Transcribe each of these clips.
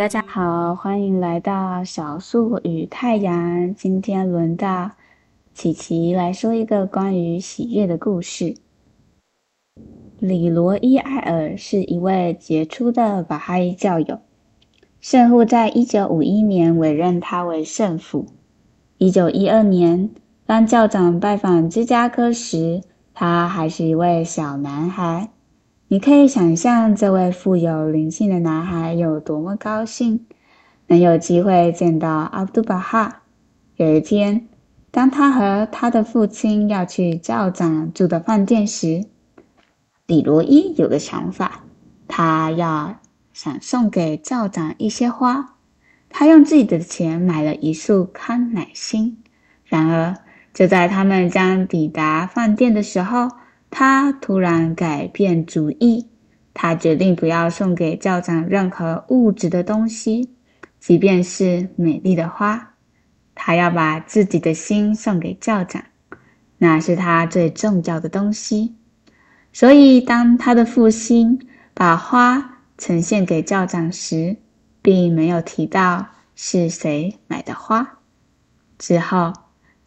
大家好，歡迎來到小樹與太陽。今天輪到琪琪來說一個關於喜悅的故事。李羅伊艾爾是一位傑出的巴哈伊教友，聖護在一九五一年委任他為聖輔。一九一二年，當教長拜訪芝加哥時，他還是一位小男孩。你可以想象這位富有靈性的男孩有多麼高興，能有機會見到阿博都巴哈。有一天，當他和他的父親要去教長住的飯店時，李羅伊有個想法，他要想送給教長一些花。他用自己的錢買了一束康乃馨。然而，就在他們將抵達飯店的時候，他突然改變主意，他決定不要送給教長任何物質的東西，即便是美麗的花。他要把自己的心送給教長，那是他最重要的東西。所以，當他的父親把花呈現給教長時，並沒有提到是誰買的花。之後，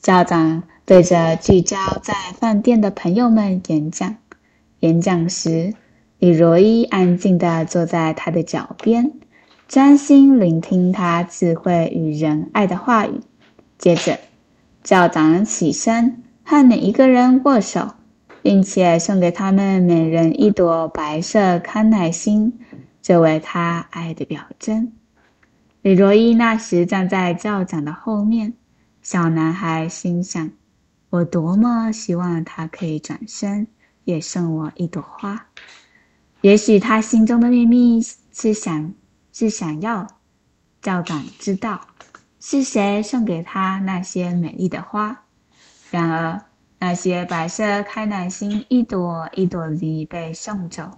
校長對着聚焦在飯店的朋友們演講。演講時，李羅伊安靜地坐在他的腳邊，專心聆聽他智慧與仁愛的話語。接着，校長起身和每一個人握手，並且送給他們每人一朵白色康乃馨，作為他愛的表徵。李羅伊那時站在校長的後面。小男孩心想：“我多麼希望他可以轉身，也送我一朵花。也許他心中的秘密是想，是想要教長知道，是誰送給他那些美麗的花。然而，那些白色開滿心一朵一朵地被送走，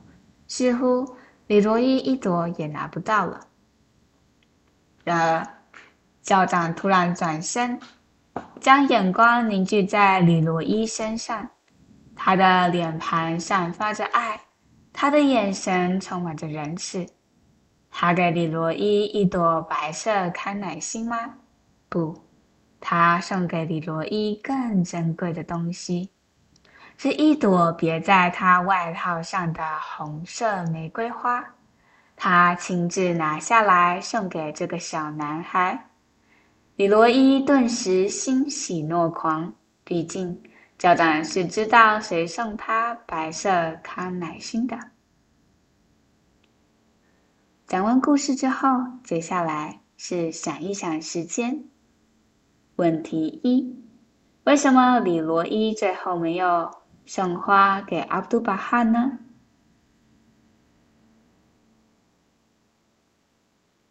似乎李羅伊一朵也拿不到了。然而。”校長突然轉身，將眼光凝聚在李羅伊身上。他的臉龐散發着愛，他的眼神充滿着仁慈。他給李羅伊一朵白色康乃馨嗎？不，他送給李羅伊更珍貴的東西，是一朵別在他外套上的紅色玫瑰花。他親自拿下來，送給這個小男孩。李羅伊頓時欣喜若狂，畢竟校長是知道誰送他白色康乃馨的。講完故事之後，接下來是想一想時間。問題一：為什麼李羅伊最後沒有送花給阿博都巴哈呢？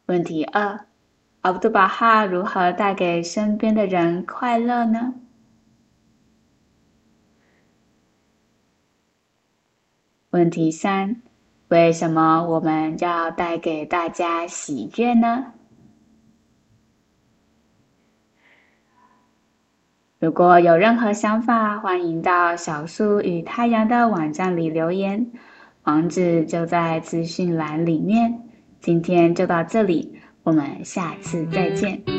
問題二。阿博都巴哈如何帶給身邊的人快樂呢？問題三：為什麼我們要帶給大家喜悅呢？如果有任何想法，歡迎到小樹與太陽的網站裡留言，網址就在資訊欄裡面。今天就到這裡。我們下次再見。